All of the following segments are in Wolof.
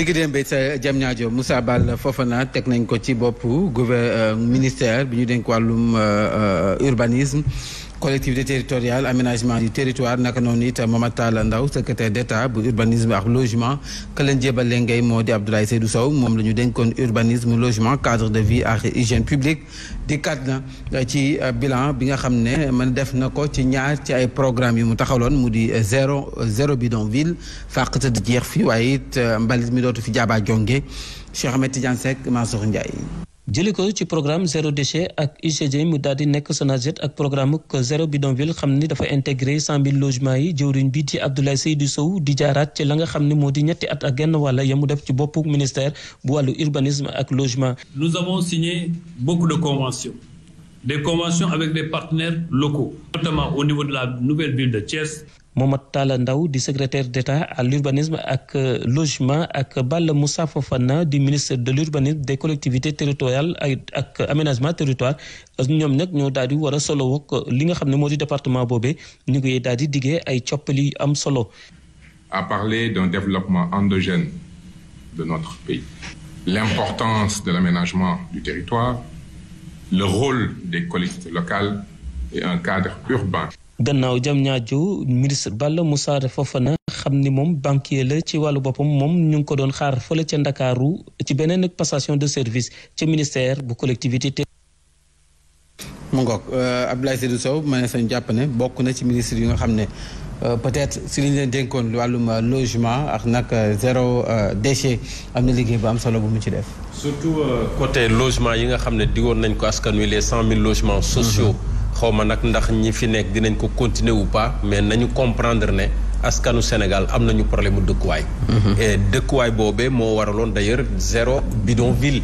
ni ki démb sa Diamniadio Moussa Bal naa teg nañ ko ci bopp gouver euh, ministère bi ñu ko wàllum euh, euh, urbanisme collectivité territoriale aménagement du territoire naka noonu it Mame Talla Ndao secrétaire d'État bu urbanisme ak logement ka leen jébal leen ngay moo di Abdoulaye Seydou Sow moom la ñu dénkoon urbanisme logement cadre de vie ak hygiène publique di na euh, ci euh, bilan bi nga xam ne man def na ko ci ñaar ci ay programme yu mu taxawloon mu di euh, zéro zéro bidonville fàq te di jeex fi waaye it mbalit mi dootu fi jaabaa jonge Cheikh Ahmed Tidiane Seck Mansour Ndiaye jëli ko ci programme zéro déchet ak UCG mu daal di nekk SONAGED ak programme que zéro bidonville xam ni dafa intégré cent mille yi jëwriñ bi ci Abdoulaye Seydou Sow di jaaraat ci la nga xam ni moo di ñetti at ak genn wàll ya mu def ci boppu ministère bu wàllu urbanisme ak logement. nous avons signé beaucoup de conventions des conventions avec des partenaires locaux notamment au niveau de la nouvelle ville de Thiès. Momat Talla Ndaw di secrétaire d'État à l'urbanisme ak euh, logement ak Balla Moussa Fofana di ministre de l'urbanisme de collectivité territoriales ak aménagement territoire ñoom nag ñoo daal di war a solo euh, li nga xam ne moo di département boobe ñu ngi daal di diggee ay coppali yu am solo. à parler d'un développement endogène de notre pays. l'importance de l'aménagement du territoire le rôle des collectivités locales et un cadre urbain. gannaaw jam ñaaju ministre Balla foofu Fofana xam ni moom banquier la ci wàllu boppam moom ñu ngi ko doon xaar fële ci Ndakaaru ci beneen passation de service ci ministère bu collectivité te mu ngoog euh, Abdoulaye Seydou Sow ma ne sañ jàpp ne bokk na ci ministre yi nga xam ne euh, peut-être si li ñu leen dénkoon wàllum euh, logement ak nag zéro déchet am na liggéey bu am solo bu mu ci def. surtout côté logement yi nga xam ne digoon nañ ko askan wi les cent mille logements sociaux. xaw ma nag ndax ñi fi nekk dinañ ko continuer wu pas mais nañu comprendre ne askanu Sénégal am nañu problème mu dëkkuwaay. Mhm. dëkkuwaay boobee moo waraloon d'ailleurs zéro bidonville.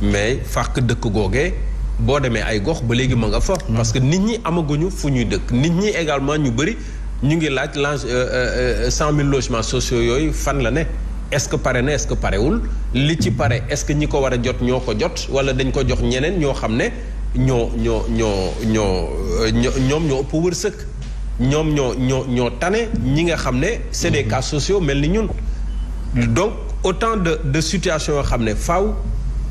mais fàq dëkk googee boo demee ay gox ba léegi ma nga fa. Mhm. parce que nit ñi amaguñu fu ñuy dëkk nit ñi également ñu bëri ñu ngi laaj lange euh, euh, euh, cent mille logements sociaux yooyu fan la ne. est-ce que pare na est parewul li ci pare est-ce que ñi ko war a jot ñoo ko jot wala dañ ko jox ñeneen ñoo xam ne. ñoo ñoo ñoo ñoo ñoom ñoo ëpp wërsëg ñoom ñoo ñoo ñoo tane ñi nga xam ne c'est des cas sociaux mel ni ñun donc autant de de situations yoo xam ne faw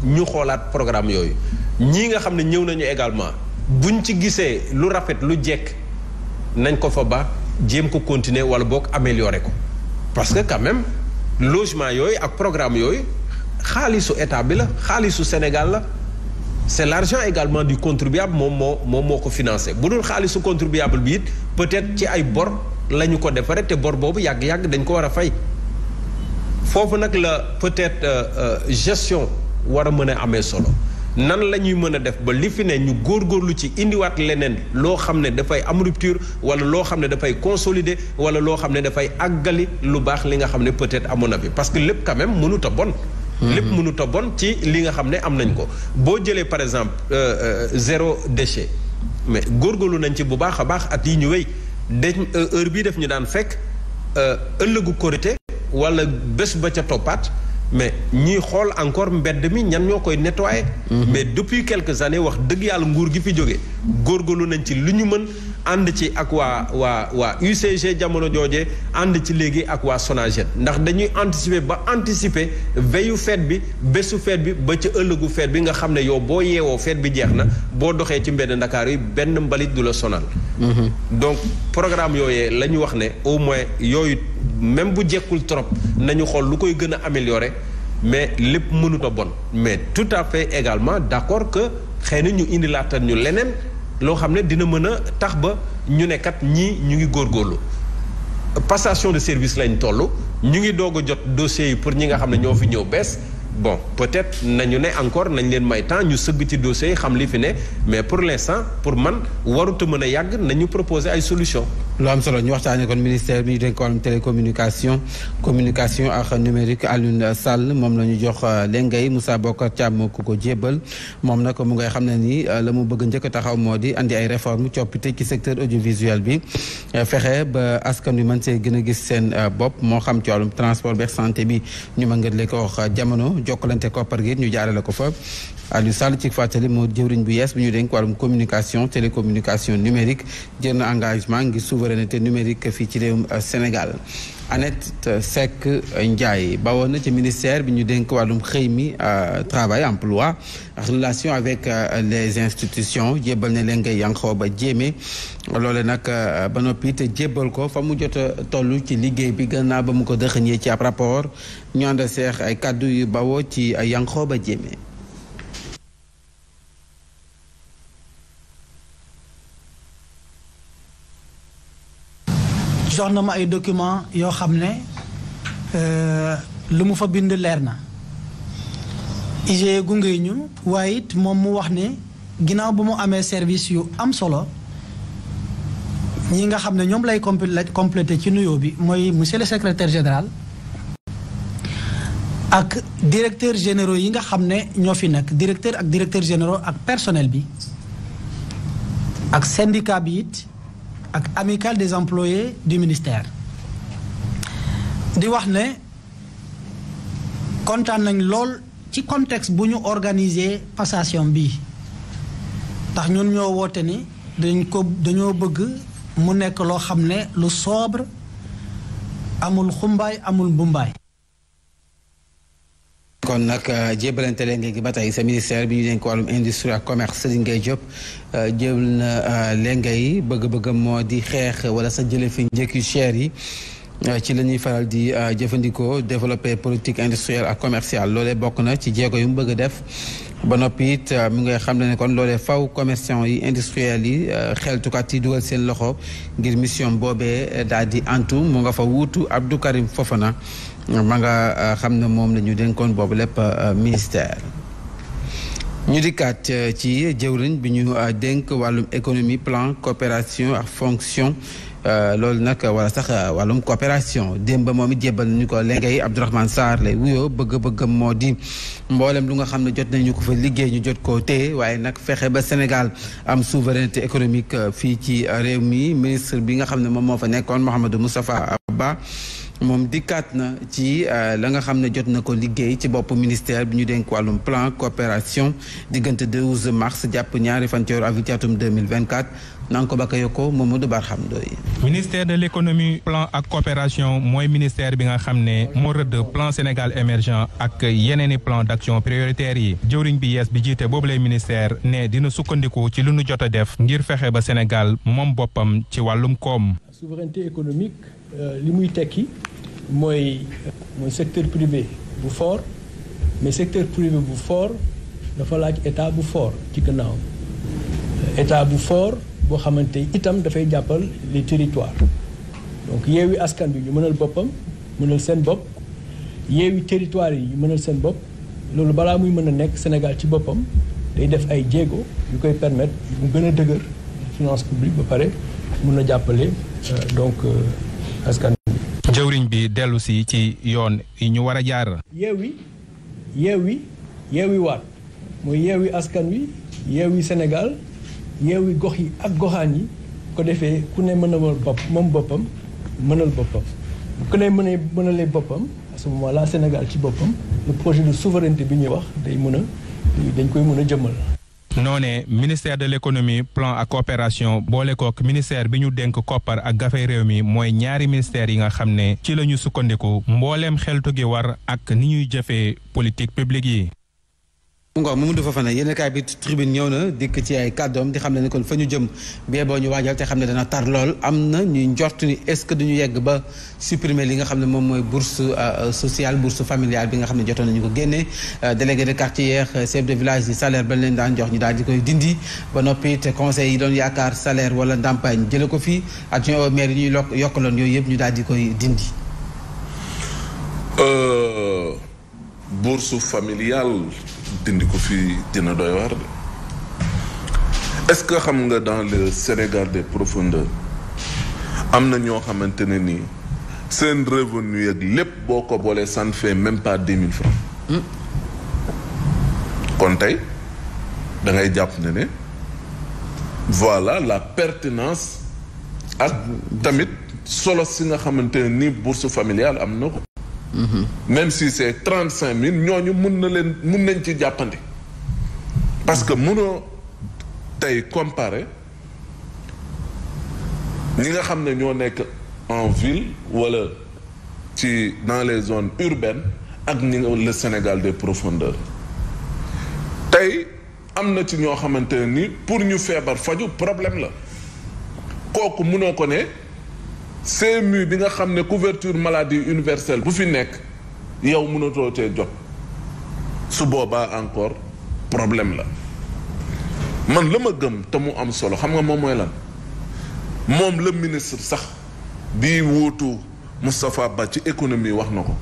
ñu xoolaat programme yooyu ñii nga xam ne ñëw nañu également buñ ci gisee lu rafet lu jekk nañ ko fa ba jéem ko continuer wala boog améliorer ko parce que quand même logement yooyu ak programme yooyu xaalisu état bi la xaalisu Sénégal la c' est l' argent également du contribuable moom moo moom moo ko financé bu dul xaalisu contribuable bi it peut-être ci ay bor la ñu ko defaree te bor boobu yàgg-yàgg dañ ko war a fay foofu nag la peut-être euh, euh, gestion war a mën a amee solo nan la ñuy mën a def ba li fi ne ñu góorgóorlu ci indiwaat leneen loo xam ne dafay am rupture wala loo xam ne dafay consolider wala loo xam ne dafay àggali lu baax li nga xam ne peut-être amoon na fi parce que lépp quand même mënut bon lépp mënut a bon ci li nga xam ne am nañ ko boo jëlee par exemple euh, euh, zéro déchet mais góor góorgóorlu nañ ci bu baax a baax at yi ñu wéy dañ euh, heure bii def ñu daan fekk ëllëgu korité wala bés ba ca toppaat mais ñiy xool encore mbedd mi ñan ñoo koy nettoyer mm-hmm. mais depuis quelques années wax dëgg yàlla nguur gi fi jógee góorgóorlu nañ ci lu ñu mën ànd ci ak waa waa waa UCG jamono jooje ànd ci léegi ak waa Sonaged ndax dañuy anticiper ba anticiper veyu fête bi bésu fet bi ba ci ëllëgu fête bi nga xam ne yow boo yeewoo fête bi jeex na boo doxee ci mbenn Ndakaar yi benn mbalit du la sonal. Mhm. donc programme yooyee la ñu wax ne au moins yooyu même bu jekkul trop nañu xool lu koy gën a améliorer mais lépp mënut a bon mais tout à fait également d'accord que xëy na ñu indi laataan ñu leneen. loo xam ne dina mën a tax ba ñu ne kat ñii ñu ngi góor góorlu passation de service lañ toll ñu ngi doog a jot dossiers yi pour ñi nga xam ne ñoo fi ñëw bees bon peut-être nañu ne encore nañ leen may temps ñu sëgg ci dossiers yi xam li fi ne mais pour l'instant pour man waruta mën a yàgg nañu proposer ay solutions. loo am solo ñu waxtaanee kon ministère bi ñu dénk wàllum télécommunication communication ak numérique Alioune Sall moom la ñu jox euh, ngay Moussa Bokar Thiam ku ko jébal moom nag mu ngay xam ne nii euh, la mu bëgg njëkk taxaw moo di indi ay réforme coppite ci secteur audiovisuel bi euh, fexe ba askan wi mën see gën a gis seen bopp moo xam ci wàllum transport beeg santé bi ñu ma ngeen ko wax jamono jokkalante koppar gi ñu jaarale ko fa Alioune Sall ci fàttali moo jëwriñ bu yees bi ñu dénk wàllum communication télécommunication souveraineté numérique fii ci réewum euh, Sénégal Annette euh, Seck euh, Ndiaye bawoon na ci ministère bi ñu dénk wàllum xëy mi travail emploi relation avec les institutions jébbal ne leen ngay yanqoo ba jéeme loole nag ba noppi te jébbal ko fa mu jot a toll ci liggéey bi gannaaw ba mu ko dëxëñee ci ab rapport ñu ànd seex ay kàddu yu bawoo ci yanqoo ba jéeme jox na ay document yoo xam ne euh, lu mu fa bind leer na IGE gunge ñu waaye it moom mu wax ne ginnaaw bu mu amee service yu am solo ñi nga xam ne ñoom lay complété ci nuyoo bi mooy monsieur le secretaire général ak directeur généraux yi nga xam ne ñoo fi nekk directeur ak directeur généraux ak personnel bi ak syndicat bi it ak amicale des employés du ministère di wax ne kontaan nañ lool ci contexte bu ñu organiser passation bi ndax ñun ñoo woote ni dañ ko dañoo bëgg mu nekk loo xam ne lu sobre amul xumbaay amul mbumbaay kon nag euh, jébalante lenge gi ba tey sa ministère bi ñu dénk ak commerce Serigne Ngaye Diop euh, jébal na euh, lenge yi di xeex wala sa jële fi njëkk yu yi ci la ñuy faral di jëfandikoo développer politique industrielle ak commercial loole bokk na ci jéego yu mu bëgg a def ba noppi it mi nga xam ne kon loolee faw commerçant yi industriels yi xeltukat yi dugal seen loxo ngir mission boobee daal di antu mu nga fa wuutu Abdou Karim Fofana ma nga euh, xam na moom la ñu dénkoon boobu lépp euh, ministère. ñu dikkaat euh, ci jëwriñ bi ñu dénk wàllum économie plan coopération ak fonction loolu nag wala sax wàllum coopération démb moom it jébbal nañu ko lengay Abdourahmane Sarr lay wuyoo bëgg-bëggam moo di mboolem lu nga xam ne jot nañu ko fa liggéey ñu jot ko téye waaye nag fexe ba Sénégal am souveraineté économique fii ci réew mi ministre bi nga xam ne moom moo fa nekkoon Mouhamadou Moustapha Abba moom dikkaat na ci euh, la nga xam ne jot na ko liggéey ci bopp ministère bi ñu denk wàllum plan coopération diggante 12 mars jàpp ñaari fan ci weeru avril atum 2024 nanga ko bakayoko Mamadou Barham Ndoye ministère de l'économie plan ak coopération mooy ministère bi nga xam ne moo rëdd plan Sénégal émergent ak yeneeni plan d'action prioritaires yi jëwriñ bi yees bi jiite boobu lay ministère ne dina sukkandiku ci lu nu jot a def ngir fexe ba Sénégal moom boppam ci wàllum koom Euh, li muy tekki mooy mooy secteur privé bu foor mais secteur privé bu foor dafa laaj état bu foor ci gannaaw euh, état bu foor boo xamante itam dafay jàppal les territoires donc yeewi askan bi ñu mënal boppam mënal seen bopp yeewi territoire yi ñu mënal seen bopp loolu balaa muy mën a nekk Sénégal ci boppam day def ay jéego yu koy permettre mu gën a dëgër finance publique ba pare mun a jàppale euh, donc. askan bi. jëwriñ bi dellu si ci yoon yi ñu war a jaar. yeewi yeewi yeewi waat mooy yeewi askan wi yeewi Sénégal yeewi gox yi ak goxaan yi ko defee ku ne mënal bopp moom boppam mënal boppam ku ne mënee mënalee boppam à ce moment Sénégal ci boppam le projet de souverainté bi ñuy wax day mën a dañ koy mën a jëmmal. noone ne ministère de l' économie plan ak coopération boole kook ministère bi ñu dénk koppar ak gafay réew mi mooy ñaari ministères yi nga xam ne ci la ñu sukkandiku mbooleem xeltu gi war ak ni ñuy jëfee politique publique yi mu ngoog Mamadou Fofana yéen kaay bi tribune ñëw na fa ñu jëm bee boo ñu waajal te xam ne dana tar lool am na ñuy njort ni est-ce que yegg ba supprimer li nga xam ne moom mooy bourse euh, euh, sociale bourse familiale bi nga xam ne jotoon nañu ko génne euh, délégué de quartier yeex chef de village yi salaire ba leen daan jox ñu daal di koy dindi ba noppi te conseil yi doon yaakaar salaire wala ndàmpaay ñu jële ko fii adjoint au maire yi ñuy lokk yokkaloon yooyu yëpp ñu daal di koy dindi bourse dindi ko fi dina doy war de est-ce que xam nga dans le Sénégal de profondeurs am na ñoo xamante ne nii seen revenu yeeg lépp boo ko boolee ça ne fait même pas dix mille francs kon tey dangay jàpp ne ne voilà la pertinence ak tamit solo si nga xamante ne nii bourse familiale am na ko même si c'est trente cinq mille ñoo ñu mun na leen mun nañ ci jàppandi parce que mënoo tey comparer ñi nga xam ne ñoo nekk en ville wala ci dans les zones urbaines ak ñi nga le Sénégal des profondeurs tey am na ci ñoo xamante ne ni pour ñu feebar faju problème la kooku mënoo ko ne CMU bi nga xam ne couverture maladie universelle bu fi nekk yow mënatoo cee jot su boobaa encore problème la man la ma gëm te mu am solo xam nga moom mooy lan moom la ministre sax bi wóotu Moustapha Ba ci économie wax na ko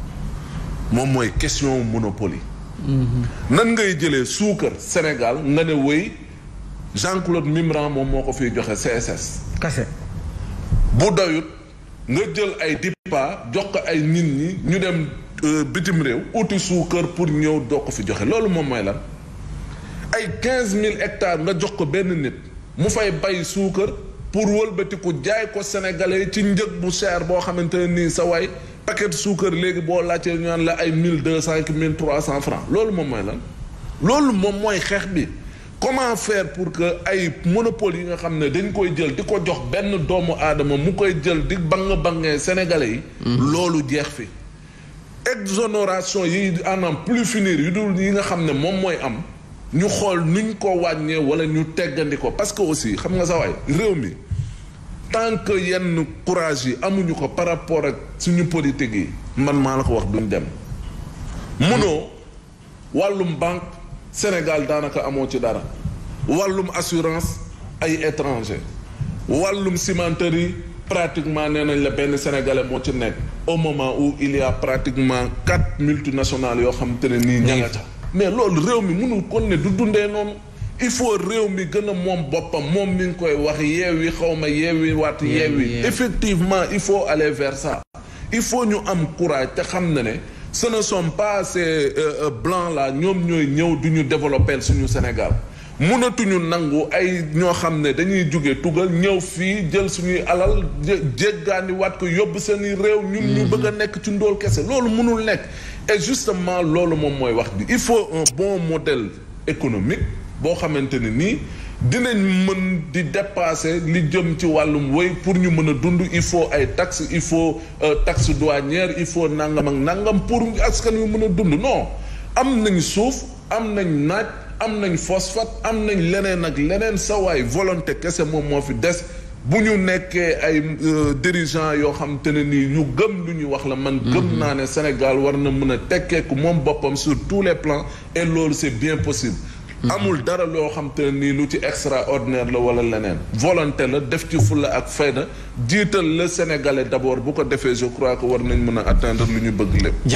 moom mooy question monopole mm-hmm. nan ngay jëlee suukar Sénégal nga ne wéy Jean Claude Mimran moom moo ko fi joxe CSS. kase bu doyut nga jël ay dippa jox ko ay nit ñi ñu dem euh, bitim réew uti suukar pour ñëw doo ko fi joxe loolu moom mooy lan ay quinze mille hectares nga jox ko benn nit mu fay bay suukar pour wëlbatiku jaay ko sénégalais ci njëg bu cher boo xamante ne nii sa waay suukar léegi boo laajtee ñu naan la ay mille deux cent mille trois cent francs loolu moom mooy lan loolu moom mooy xeex bi comment faire pour que ay monopole yi nga xam ne dañ koy jël di ko jox benn doomu aadama mu koy jël di bang bangee sénégalais yi hmm. loolu jeex fi exonération yi anam plus finir yu dul yi nga xam ne moom mooy am ñu xool nuñ ko wàññee wala ñu teggandi ko parce que aussi xam nga sa réew mi tant que yenn courage yi amuñu ko par rapport ak suñu politique yi man maa la ko wax duñ dem mënoo hmm. wàllum banque Sénégal daanaka amoo ci dara wàllum assurance ay étranger wàllum cimenterie pratiquement nee nañ la benn sénégalais moo ci nekk au moment où il y a pratiquement quatre multinationales yoo xam te ne nii ña mais loolu réew mi mënul kon ne du dundee noonu il faut réew mi gën a moom boppam moom mi ngi koy wax yeewi xaw ma yeewi waat yeewi effectivement il faut aller vers ça il faut ñu am courage te xam na ne ce ne sont pas ces euh, euh, la ñoom ñooy ñëw duñu ñu suñu Sénégal munatuñu nangu ay ñoo xam ne dañuy jóge tugal ñëw fii jël suñuy alal jéggaani waat ko yóbbu seeni réew ñun ñu bëgg a mm-hmm. nekk ci ndool kese loolu mënul nekk et justement loolu moom mooy wax bi il faut un bon modèle économique boo xamante ne nii dinañ mën di dépasser li jëm ci wàllum woy pour ñu mën a dund il faut ay taxes il faut euh, taxe douanière il faut nangam ak nangam pour askan wi mën a dund noo am nañ suuf am nañ naaj am nañ phosphate am nañ leneen ak leneen sa waay volonté kese moom moo fi des bu ñu nekkee ay euh, dirigeants yoo xam te ne nii ñu gëm lu ñuy wax la man gëm mhm. naa ne Sénégal war na mën a tekkeeku moom boppam sur tous les plans et loolu c'est bien possible amul dara loo xam te nii lu ci extra ordinaire la wala leneen volonté la def ci fulla ak fayda jiital la sénégalais d'abord bu ko defee je crois que war nañ mën a atteindre lu ñu bëgg lépp